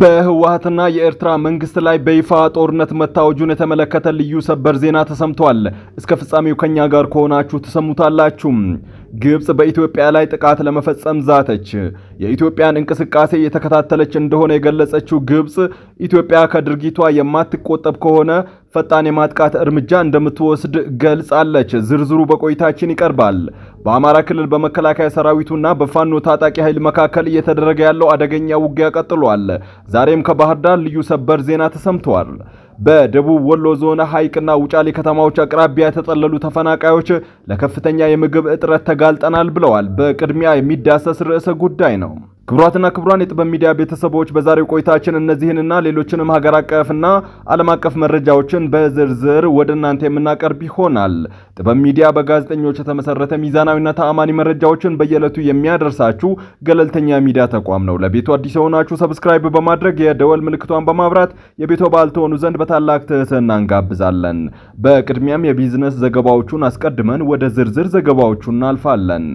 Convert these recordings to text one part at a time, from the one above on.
በህወሀትና የኤርትራ መንግስት ላይ በይፋ ጦርነት መታወጁን የተመለከተ ልዩ ሰበር ዜና ተሰምቷል። እስከ ፍጻሜው ከኛ ጋር ከሆናችሁ ትሰሙታላችሁ። ግብጽ በኢትዮጵያ ላይ ጥቃት ለመፈጸም ዛተች። የኢትዮጵያን እንቅስቃሴ የተከታተለች እንደሆነ የገለጸችው ግብጽ ኢትዮጵያ ከድርጊቷ የማትቆጠብ ከሆነ ፈጣን የማጥቃት እርምጃ እንደምትወስድ ገልጻለች። ዝርዝሩ በቆይታችን ይቀርባል። በአማራ ክልል በመከላከያ ሰራዊቱና በፋኖ ታጣቂ ኃይል መካከል እየተደረገ ያለው አደገኛ ውጊያ ቀጥሏል። ዛሬም ከባህር ዳር ልዩ ሰበር ዜና ተሰምቷል። በደቡብ ወሎ ዞን ሐይቅና ውጫሌ ከተማዎች አቅራቢያ የተጠለሉ ተፈናቃዮች ለከፍተኛ የምግብ እጥረት ተጋልጠናል ብለዋል። በቅድሚያ የሚዳሰስ ርዕሰ ጉዳይ ነው። ክቡራትና ክብሯን የጥበብ ሚዲያ ቤተሰቦች በዛሬው ቆይታችን እነዚህንና ሌሎችንም ሀገር አቀፍና ዓለም አቀፍ መረጃዎችን በዝርዝር ወደ እናንተ የምናቀርብ ይሆናል። ጥበብ ሚዲያ በጋዜጠኞች የተመሰረተ ሚዛናዊና ተአማኒ መረጃዎችን በየዕለቱ የሚያደርሳችሁ ገለልተኛ ሚዲያ ተቋም ነው። ለቤቱ አዲስ የሆናችሁ ሰብስክራይብ በማድረግ የደወል ምልክቷን በማብራት የቤቱ አባል ትሆኑ ዘንድ በታላቅ ትህትና እንጋብዛለን። በቅድሚያም የቢዝነስ ዘገባዎቹን አስቀድመን ወደ ዝርዝር ዘገባዎቹ እናልፋለን።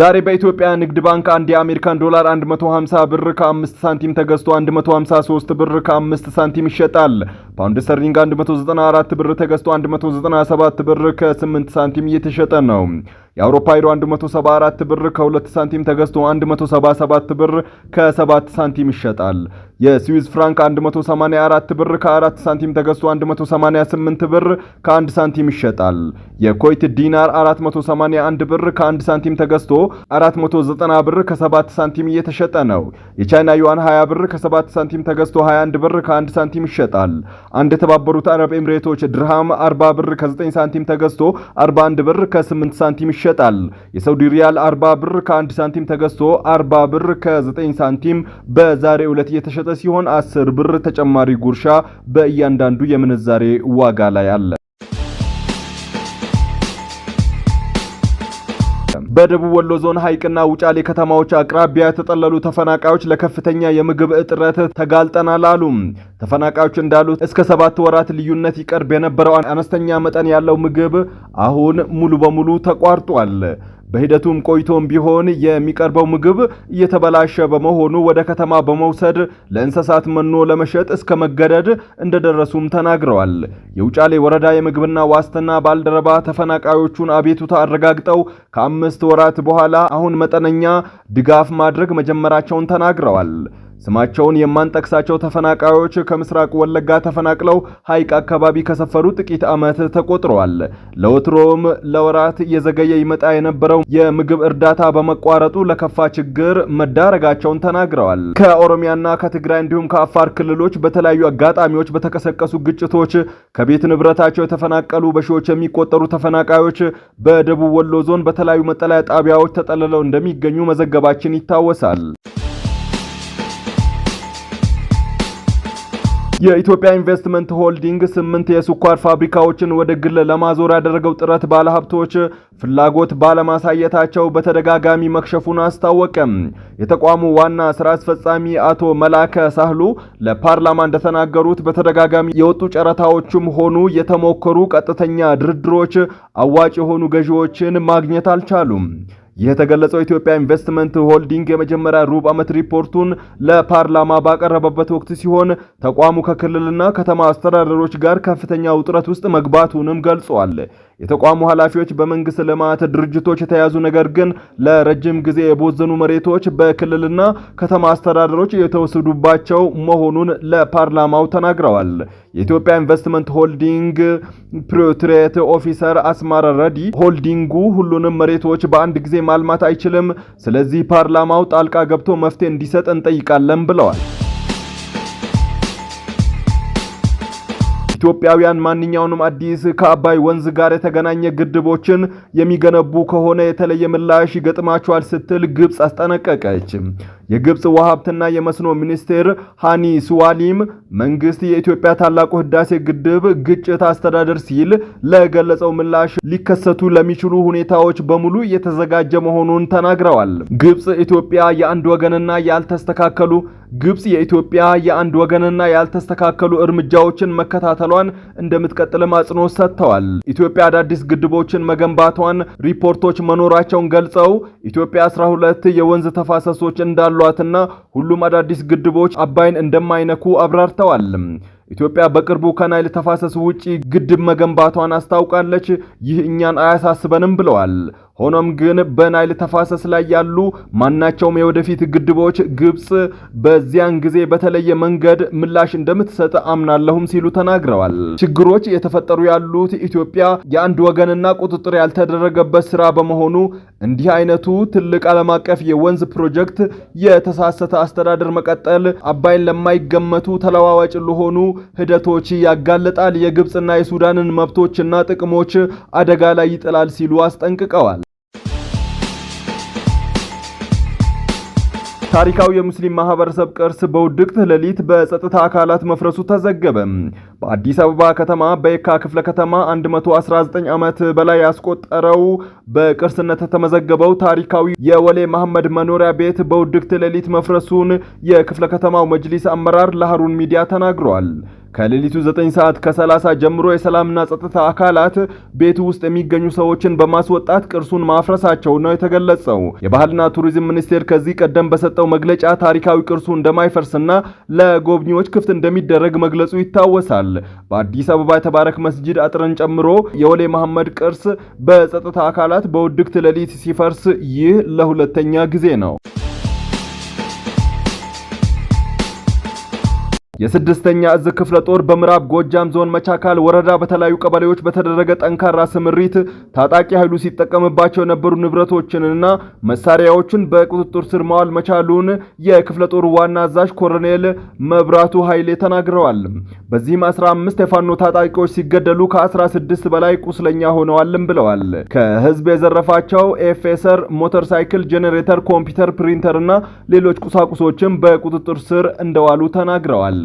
ዛሬ በኢትዮጵያ ንግድ ባንክ አንድ የአሜሪካን ዶላር 150 ብር ከ5 ሳንቲም ተገዝቶ 153 ብር ከ5 ሳንቲም ይሸጣል። ፓውንድ ስተርሊንግ 194 ብር ተገዝቶ 197 ብር ከ8 ሳንቲም እየተሸጠ ነው። የአውሮፓ ዩሮ 174 ብር ከ2 ሳንቲም ተገዝቶ 177 ብር ከ7 ሳንቲም ይሸጣል። የስዊዝ ፍራንክ 184 ብር ከ4 ሳንቲም ተገዝቶ 188 ብር ከ1 ሳንቲም ይሸጣል። የኮይት ዲናር 481 ብር ከ1 ሳንቲም ተገዝቶ 490 ብር ከ7 ሳንቲም እየተሸጠ ነው። የቻይና ዩዋን 20 ብር ከ7 ሳንቲም ተገዝቶ 21 ብር ከ1 ሳንቲም ይሸጣል። አንድ የተባበሩት አረብ ኤምሬቶች ድርሃም 40 ብር ከ9 ሳንቲም ተገዝቶ 41 ብር ከ8 ሳንቲም ይሸጣል። የሳውዲ ሪያል 40 ብር ከ1 ሳንቲም ተገዝቶ 40 ብር ከ9 ሳንቲም በዛሬው ዕለት እየተሸጠ የተሰጠ ሲሆን አስር ብር ተጨማሪ ጉርሻ በእያንዳንዱ የምንዛሬ ዋጋ ላይ አለ። በደቡብ ወሎ ዞን ሐይቅና ውጫሌ ከተማዎች አቅራቢያ የተጠለሉ ተፈናቃዮች ለከፍተኛ የምግብ እጥረት ተጋልጠናል አሉ። ተፈናቃዮች እንዳሉት እስከ ሰባት ወራት ልዩነት ይቀርብ የነበረው አነስተኛ መጠን ያለው ምግብ አሁን ሙሉ በሙሉ ተቋርጧል። በሂደቱም ቆይቶም ቢሆን የሚቀርበው ምግብ እየተበላሸ በመሆኑ ወደ ከተማ በመውሰድ ለእንስሳት መኖ ለመሸጥ እስከ መገደድ እንደደረሱም ተናግረዋል። የውጫሌ ወረዳ የምግብና ዋስትና ባልደረባ ተፈናቃዮቹን አቤቱታ አረጋግጠው ከአምስት ወራት በኋላ አሁን መጠነኛ ድጋፍ ማድረግ መጀመራቸውን ተናግረዋል። ስማቸውን የማንጠቅሳቸው ተፈናቃዮች ከምስራቅ ወለጋ ተፈናቅለው ሐይቅ አካባቢ ከሰፈሩ ጥቂት ዓመት ተቆጥረዋል። ለወትሮም ለወራት እየዘገየ ይመጣ የነበረው የምግብ እርዳታ በመቋረጡ ለከፋ ችግር መዳረጋቸውን ተናግረዋል። ከኦሮሚያና ከትግራይ እንዲሁም ከአፋር ክልሎች በተለያዩ አጋጣሚዎች በተቀሰቀሱ ግጭቶች ከቤት ንብረታቸው የተፈናቀሉ በሺዎች የሚቆጠሩ ተፈናቃዮች በደቡብ ወሎ ዞን በተለያዩ መጠለያ ጣቢያዎች ተጠልለው እንደሚገኙ መዘገባችን ይታወሳል። የኢትዮጵያ ኢንቨስትመንት ሆልዲንግ ስምንት የስኳር ፋብሪካዎችን ወደ ግል ለማዞር ያደረገው ጥረት ባለሀብቶች ፍላጎት ባለማሳየታቸው በተደጋጋሚ መክሸፉን አስታወቀም። የተቋሙ ዋና ስራ አስፈጻሚ አቶ መላከ ሳህሉ ለፓርላማ እንደተናገሩት በተደጋጋሚ የወጡ ጨረታዎችም ሆኑ የተሞከሩ ቀጥተኛ ድርድሮች አዋጭ የሆኑ ገዢዎችን ማግኘት አልቻሉም። የተገለጸው ኢትዮጵያ ኢንቨስትመንት ሆልዲንግ የመጀመሪያ ሩብ ዓመት ሪፖርቱን ለፓርላማ ባቀረበበት ወቅት ሲሆን ተቋሙ ከክልልና ከተማ አስተዳደሮች ጋር ከፍተኛ ውጥረት ውስጥ መግባቱንም ገልጿል። የተቋሙ ኃላፊዎች በመንግስት ልማት ድርጅቶች የተያዙ ነገር ግን ለረጅም ጊዜ የቦዘኑ መሬቶች በክልልና ከተማ አስተዳደሮች የተወሰዱባቸው መሆኑን ለፓርላማው ተናግረዋል። የኢትዮጵያ ኢንቨስትመንት ሆልዲንግ ፕሮትሬት ኦፊሰር አስማራ ረዲ ሆልዲንጉ ሁሉንም መሬቶች በአንድ ጊዜ ማልማት አይችልም፣ ስለዚህ ፓርላማው ጣልቃ ገብቶ መፍትሄ እንዲሰጥ እንጠይቃለን ብለዋል። ኢትዮጵያውያን ማንኛውንም አዲስ ከአባይ ወንዝ ጋር የተገናኘ ግድቦችን የሚገነቡ ከሆነ የተለየ ምላሽ ይገጥማቸዋል ስትል ግብፅ አስጠነቀቀች። የግብፅ ውሃ ሀብትና የመስኖ ሚኒስቴር ሃኒ ስዋሊም መንግስት የኢትዮጵያ ታላቁ ህዳሴ ግድብ ግጭት አስተዳደር ሲል ለገለጸው ምላሽ ሊከሰቱ ለሚችሉ ሁኔታዎች በሙሉ የተዘጋጀ መሆኑን ተናግረዋል። ግብፅ ኢትዮጵያ የአንድ ወገንና ያልተስተካከሉ ግብፅ የኢትዮጵያ የአንድ ወገንና ያልተስተካከሉ እርምጃዎችን መከታተሏን እንደምትቀጥልም አጽንኦት ሰጥተዋል። ኢትዮጵያ አዳዲስ ግድቦችን መገንባቷን ሪፖርቶች መኖራቸውን ገልጸው ኢትዮጵያ 12 የወንዝ ተፋሰሶች እንዳሉ እንዳሏትና ሁሉም አዳዲስ ግድቦች አባይን እንደማይነኩ አብራርተዋል። ኢትዮጵያ በቅርቡ ከናይል ተፋሰስ ውጪ ግድብ መገንባቷን አስታውቃለች። ይህ እኛን አያሳስበንም ብለዋል። ሆኖም ግን በናይል ተፋሰስ ላይ ያሉ ማናቸውም የወደፊት ግድቦች ግብጽ በዚያን ጊዜ በተለየ መንገድ ምላሽ እንደምትሰጥ አምናለሁም ሲሉ ተናግረዋል። ችግሮች የተፈጠሩ ያሉት ኢትዮጵያ የአንድ ወገንና ቁጥጥር ያልተደረገበት ስራ በመሆኑ እንዲህ አይነቱ ትልቅ ዓለም አቀፍ የወንዝ ፕሮጀክት የተሳሰተ አስተዳደር መቀጠል አባይን ለማይገመቱ ተለዋዋጭ ለሆኑ ሂደቶች ያጋለጣል፣ የግብጽና የሱዳንን መብቶችና ጥቅሞች አደጋ ላይ ይጥላል ሲሉ አስጠንቅቀዋል። ታሪካዊ የሙስሊም ማህበረሰብ ቅርስ በውድቅት ሌሊት በጸጥታ አካላት መፍረሱ ተዘገበ። በአዲስ አበባ ከተማ በየካ ክፍለ ከተማ 119 ዓመት በላይ ያስቆጠረው በቅርስነት የተመዘገበው ታሪካዊ የወሌ መሐመድ መኖሪያ ቤት በውድቅት ሌሊት መፍረሱን የክፍለ ከተማው መጅሊስ አመራር ለሃሩን ሚዲያ ተናግሯል። ከሌሊቱ 9 ሰዓት ከ30 ጀምሮ የሰላምና ጸጥታ አካላት ቤት ውስጥ የሚገኙ ሰዎችን በማስወጣት ቅርሱን ማፍረሳቸው ነው የተገለጸው። የባህልና ቱሪዝም ሚኒስቴር ከዚህ ቀደም በሰጠው መግለጫ ታሪካዊ ቅርሱ እንደማይፈርስና ለጎብኚዎች ክፍት እንደሚደረግ መግለጹ ይታወሳል። በአዲስ አበባ የተባረክ መስጂድ አጥርን ጨምሮ የወሌ መሐመድ ቅርስ በጸጥታ አካላት በውድቅት ሌሊት ሲፈርስ ይህ ለሁለተኛ ጊዜ ነው። የስድስተኛ እዝ ክፍለ ጦር በምዕራብ ጎጃም ዞን መቻካል ወረዳ በተለያዩ ቀበሌዎች በተደረገ ጠንካራ ስምሪት ታጣቂ ኃይሉ ሲጠቀምባቸው የነበሩ ንብረቶችንና መሳሪያዎችን በቁጥጥር ስር ማዋል መቻሉን የክፍለ ጦር ዋና አዛዥ ኮሎኔል መብራቱ ኃይሌ ተናግረዋል። በዚህም 15 የፋኖ ታጣቂዎች ሲገደሉ ከ16 በላይ ቁስለኛ ሆነዋልም ብለዋል። ከህዝብ የዘረፋቸው ኤፌሰር፣ ሞተርሳይክል፣ ጄኔሬተር፣ ኮምፒውተር፣ ፕሪንተር እና ሌሎች ቁሳቁሶችም በቁጥጥር ስር እንደዋሉ ተናግረዋል።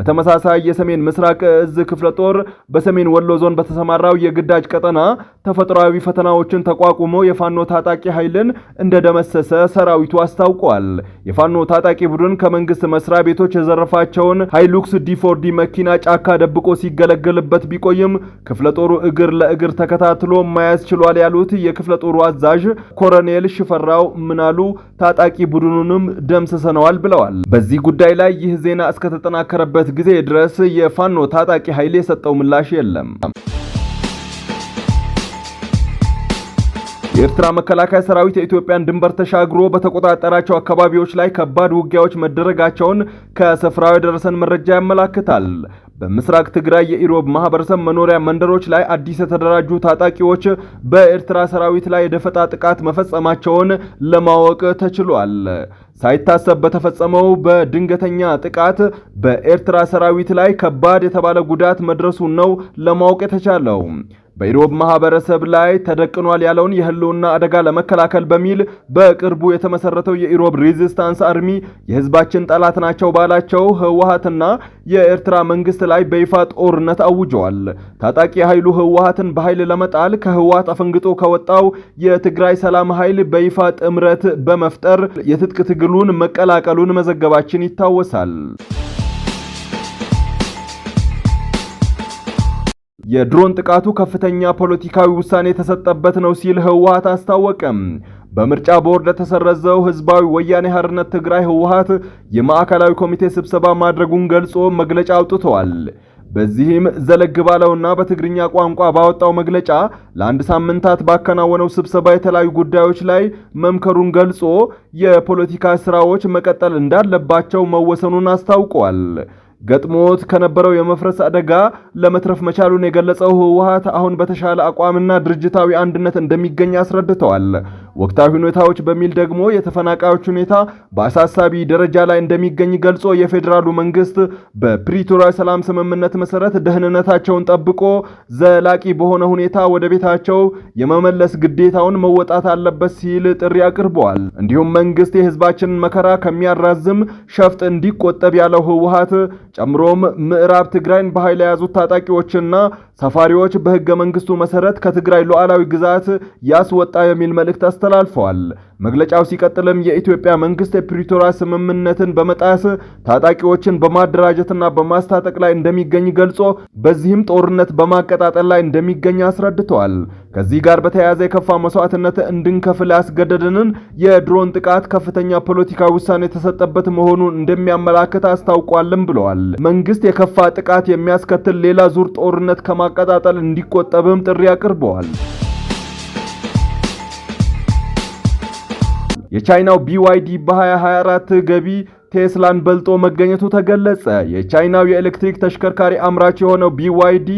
በተመሳሳይ የሰሜን ምስራቅ እዝ ክፍለ ጦር በሰሜን ወሎ ዞን በተሰማራው የግዳጅ ቀጠና ተፈጥሯዊ ፈተናዎችን ተቋቁሞ የፋኖ ታጣቂ ኃይልን እንደደመሰሰ ሰራዊቱ አስታውቋል። የፋኖ ታጣቂ ቡድን ከመንግስት መስሪያ ቤቶች የዘረፋቸውን ሃይሉክስ ዲፎርዲ መኪና ጫካ ደብቆ ሲገለገልበት ቢቆይም ክፍለ ጦሩ እግር ለእግር ተከታትሎ ማያዝ ችሏል ያሉት የክፍለ ጦሩ አዛዥ ኮረኔል ሽፈራው ምናሉ ታጣቂ ቡድኑንም ደምስሰነዋል ብለዋል። በዚህ ጉዳይ ላይ ይህ ዜና እስከተጠናከረበት ጊዜ ድረስ የፋኖ ታጣቂ ኃይል የሰጠው ምላሽ የለም። የኤርትራ መከላከያ ሰራዊት የኢትዮጵያን ድንበር ተሻግሮ በተቆጣጠራቸው አካባቢዎች ላይ ከባድ ውጊያዎች መደረጋቸውን ከስፍራው የደረሰን መረጃ ያመላክታል። በምስራቅ ትግራይ የኢሮብ ማህበረሰብ መኖሪያ መንደሮች ላይ አዲስ የተደራጁ ታጣቂዎች በኤርትራ ሰራዊት ላይ የደፈጣ ጥቃት መፈጸማቸውን ለማወቅ ተችሏል። ሳይታሰብ በተፈጸመው በድንገተኛ ጥቃት በኤርትራ ሰራዊት ላይ ከባድ የተባለ ጉዳት መድረሱን ነው ለማወቅ የተቻለው። በኢሮብ ማህበረሰብ ላይ ተደቅኗል ያለውን የህልውና አደጋ ለመከላከል በሚል በቅርቡ የተመሰረተው የኢሮብ ሬዚስታንስ አርሚ የህዝባችን ጠላት ናቸው ባላቸው ህወሀትና የኤርትራ መንግስት ላይ በይፋ ጦርነት አውጀዋል። ታጣቂ ኃይሉ ህወሀትን በኃይል ለመጣል ከህወሀት አፈንግጦ ከወጣው የትግራይ ሰላም ኃይል በይፋ ጥምረት በመፍጠር የትጥቅ ትግሉን መቀላቀሉን መዘገባችን ይታወሳል። የድሮን ጥቃቱ ከፍተኛ ፖለቲካዊ ውሳኔ የተሰጠበት ነው ሲል ህወሓት አስታወቀም። በምርጫ ቦርድ ለተሰረዘው ህዝባዊ ወያኔ ሀርነት ትግራይ ህወሓት የማዕከላዊ ኮሚቴ ስብሰባ ማድረጉን ገልጾ መግለጫ አውጥቷል። በዚህም ዘለግ ባለውና በትግርኛ ቋንቋ ባወጣው መግለጫ ለአንድ ሳምንታት ባከናወነው ስብሰባ የተለያዩ ጉዳዮች ላይ መምከሩን ገልጾ የፖለቲካ ስራዎች መቀጠል እንዳለባቸው መወሰኑን አስታውቋል። ገጥሞት ከነበረው የመፍረስ አደጋ ለመትረፍ መቻሉን የገለጸው ህወሀት አሁን በተሻለ አቋምና ድርጅታዊ አንድነት እንደሚገኝ አስረድተዋል። ወቅታዊ ሁኔታዎች በሚል ደግሞ የተፈናቃዮች ሁኔታ በአሳሳቢ ደረጃ ላይ እንደሚገኝ ገልጾ የፌዴራሉ መንግስት በፕሪቶሪያ ሰላም ስምምነት መሰረት ደህንነታቸውን ጠብቆ ዘላቂ በሆነ ሁኔታ ወደ ቤታቸው የመመለስ ግዴታውን መወጣት አለበት ሲል ጥሪ አቅርበዋል። እንዲሁም መንግስት የህዝባችንን መከራ ከሚያራዝም ሸፍጥ እንዲቆጠብ ያለው ህወሀት ጨምሮም ምዕራብ ትግራይን በኃይል የያዙት ታጣቂዎችና ሰፋሪዎች በህገ መንግስቱ መሰረት ከትግራይ ሉዓላዊ ግዛት ያስወጣ የሚል መልእክት አስተላልፈዋል። መግለጫው ሲቀጥልም የኢትዮጵያ መንግስት የፕሪቶሪያ ስምምነትን በመጣስ ታጣቂዎችን በማደራጀትና በማስታጠቅ ላይ እንደሚገኝ ገልጾ በዚህም ጦርነት በማቀጣጠል ላይ እንደሚገኝ አስረድተዋል። ከዚህ ጋር በተያያዘ የከፋ መስዋዕትነት እንድንከፍል ያስገደደንን የድሮን ጥቃት ከፍተኛ ፖለቲካዊ ውሳኔ የተሰጠበት መሆኑን እንደሚያመላክት አስታውቋልም ብለዋል። መንግስት የከፋ ጥቃት የሚያስከትል ሌላ ዙር ጦርነት ከማቀጣጠል እንዲቆጠብም ጥሪ አቅርበዋል። የቻይናው ቢዋይዲ በ2024 ገቢ ቴስላን በልጦ መገኘቱ ተገለጸ። የቻይናው የኤሌክትሪክ ተሽከርካሪ አምራች የሆነው ቢዋይዲ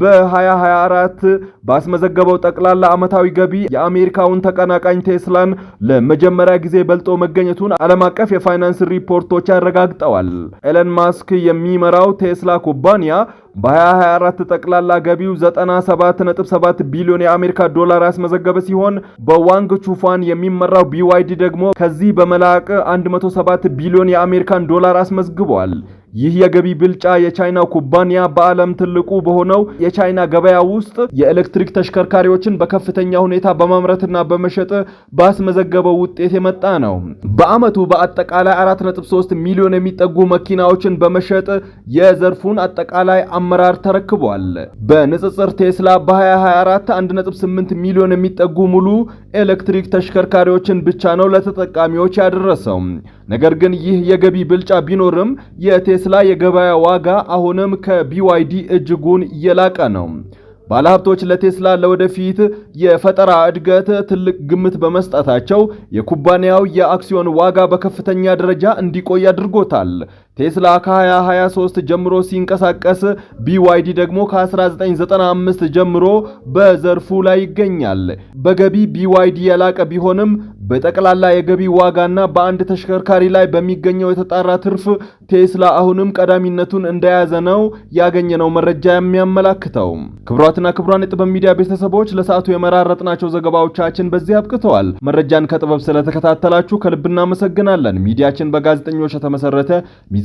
በ2024 ባስመዘገበው ጠቅላላ ዓመታዊ ገቢ የአሜሪካውን ተቀናቃኝ ቴስላን ለመጀመሪያ ጊዜ በልጦ መገኘቱን ዓለም አቀፍ የፋይናንስ ሪፖርቶች አረጋግጠዋል። ኤለን ማስክ የሚመራው ቴስላ ኩባንያ በ2024 ጠቅላላ ገቢው 97.7 ቢሊዮን የአሜሪካ ዶላር ያስመዘገበ ሲሆን በዋንግ ቹፋን የሚመራው ቢዋይዲ ደግሞ ከዚህ በመላቅ 107 ቢሊዮን የአሜሪካን ዶላር አስመዝግቧል። ይህ የገቢ ብልጫ የቻይና ኩባንያ በዓለም ትልቁ በሆነው የቻይና ገበያ ውስጥ የኤሌክትሪክ ተሽከርካሪዎችን በከፍተኛ ሁኔታ በማምረትና በመሸጥ ባስመዘገበው ውጤት የመጣ ነው። በዓመቱ በአጠቃላይ 4.3 ሚሊዮን የሚጠጉ መኪናዎችን በመሸጥ የዘርፉን አጠቃላይ አመራር ተረክቧል። በንጽጽር ቴስላ በ2024 1.8 ሚሊዮን የሚጠጉ ሙሉ ኤሌክትሪክ ተሽከርካሪዎችን ብቻ ነው ለተጠቃሚዎች ያደረሰው። ነገር ግን ይህ የገቢ ብልጫ ቢኖርም የቴስ የቴስላ የገበያ ዋጋ አሁንም ከቢዋይዲ እጅጉን የላቀ ነው። ባለሀብቶች ለቴስላ ለወደፊት የፈጠራ እድገት ትልቅ ግምት በመስጠታቸው የኩባንያው የአክሲዮን ዋጋ በከፍተኛ ደረጃ እንዲቆይ አድርጎታል። ቴስላ ከ2023 ጀምሮ ሲንቀሳቀስ ቢዋይዲ ደግሞ ከ1995 ጀምሮ በዘርፉ ላይ ይገኛል። በገቢ ቢዋይዲ የላቀ ቢሆንም በጠቅላላ የገቢ ዋጋና በአንድ ተሽከርካሪ ላይ በሚገኘው የተጣራ ትርፍ ቴስላ አሁንም ቀዳሚነቱን እንደያዘ ነው ያገኘነው መረጃ የሚያመላክተው። ክብሯትና ክብሯን የጥበብ ሚዲያ ቤተሰቦች ለሰዓቱ የመራረጥናቸው ዘገባዎቻችን በዚህ አብቅተዋል። መረጃን ከጥበብ ስለተከታተላችሁ ከልብ እናመሰግናለን። ሚዲያችን በጋዜጠኞች የተመሰረተ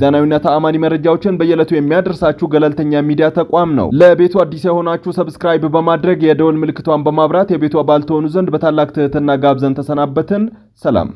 ሚዛናዊና ተአማኒ መረጃዎችን በየዕለቱ የሚያደርሳችሁ ገለልተኛ ሚዲያ ተቋም ነው። ለቤቱ አዲስ የሆናችሁ ሰብስክራይብ በማድረግ የደወል ምልክቷን በማብራት የቤቱ አባል ትሆኑ ዘንድ በታላቅ ትህትና ጋብዘን ተሰናበትን። ሰላም